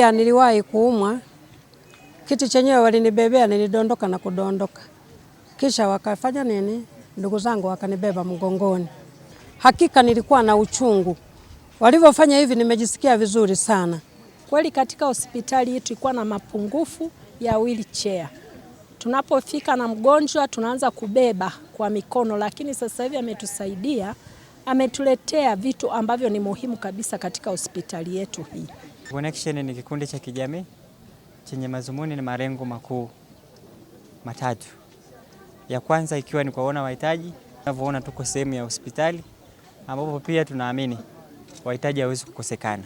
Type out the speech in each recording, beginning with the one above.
Ya niliwahi kuumwa, kiti chenyewe walinibebea, nilidondoka na kudondoka, kisha wakafanya nini, ndugu zangu wakanibeba mgongoni. Hakika nilikuwa na uchungu, walivyofanya hivi nimejisikia vizuri sana kweli. Katika hospitali hii tulikuwa na mapungufu ya wheelchair. Tunapofika na mgonjwa tunaanza kubeba kwa mikono, lakini sasa hivi ametusaidia, ametuletea vitu ambavyo ni muhimu kabisa katika hospitali yetu hii. Connection ni kikundi cha kijamii chenye mazumuni na malengo makuu matatu. Ya kwanza ikiwa ni kuwaona wahitaji. Tunavyoona tuko sehemu ya hospitali ambapo pia tunaamini wahitaji hawezi kukosekana,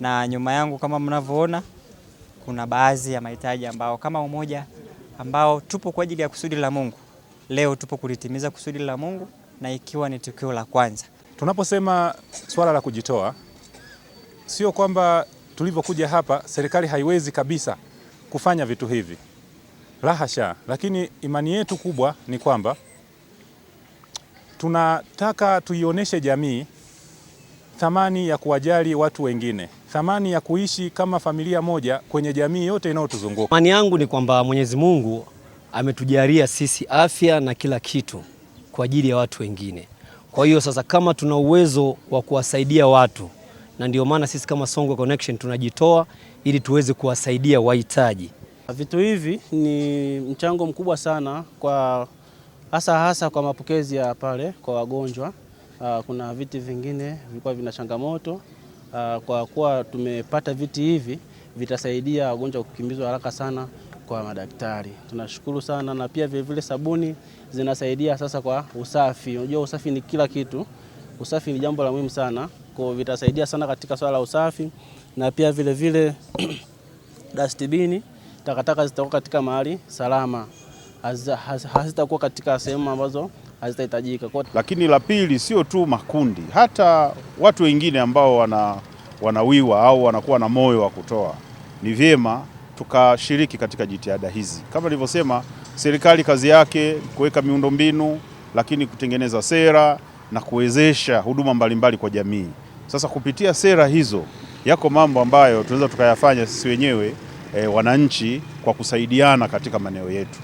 na nyuma yangu kama mnavyoona kuna baadhi ya mahitaji ambao kama umoja ambao tupo kwa ajili ya kusudi la Mungu. Leo tupo kulitimiza kusudi la Mungu na ikiwa ni tukio la kwanza. Tunaposema swala la kujitoa, sio kwamba tulivyokuja hapa, serikali haiwezi kabisa kufanya vitu hivi, lahasha. Lakini imani yetu kubwa ni kwamba tunataka tuionyeshe jamii thamani ya kuwajali watu wengine, thamani ya kuishi kama familia moja kwenye jamii yote inayotuzunguka. Imani yangu ni kwamba Mwenyezi Mungu ametujalia sisi afya na kila kitu kwa ajili ya watu wengine. Kwa hiyo sasa, kama tuna uwezo wa kuwasaidia watu na ndio maana sisi kama Songwe Connection tunajitoa ili tuweze kuwasaidia wahitaji. Vitu hivi ni mchango mkubwa sana kwa hasa hasa kwa mapokezi ya pale kwa wagonjwa. Ah, kuna viti vingine vilikuwa vina changamoto, ah, kwa kuwa tumepata viti hivi vitasaidia wagonjwa kukimbizwa haraka sana kwa madaktari. Tunashukuru sana na pia vilevile sabuni zinasaidia sasa kwa usafi. Unajua usafi ni kila kitu, usafi ni jambo la muhimu sana kwa vitasaidia sana katika swala la usafi na pia vilevile dastibini, takataka zitakuwa katika mahali salama, hazitakuwa katika sehemu ambazo hazitahitajika. Lakini la pili, sio tu makundi, hata watu wengine ambao wana, wanawiwa au wanakuwa na moyo wa kutoa, ni vyema tukashiriki katika jitihada hizi. Kama nilivyosema, serikali kazi yake kuweka miundombinu, lakini kutengeneza sera na kuwezesha huduma mbalimbali kwa jamii. Sasa kupitia sera hizo yako mambo ambayo tunaweza tukayafanya sisi wenyewe e, wananchi kwa kusaidiana katika maeneo yetu.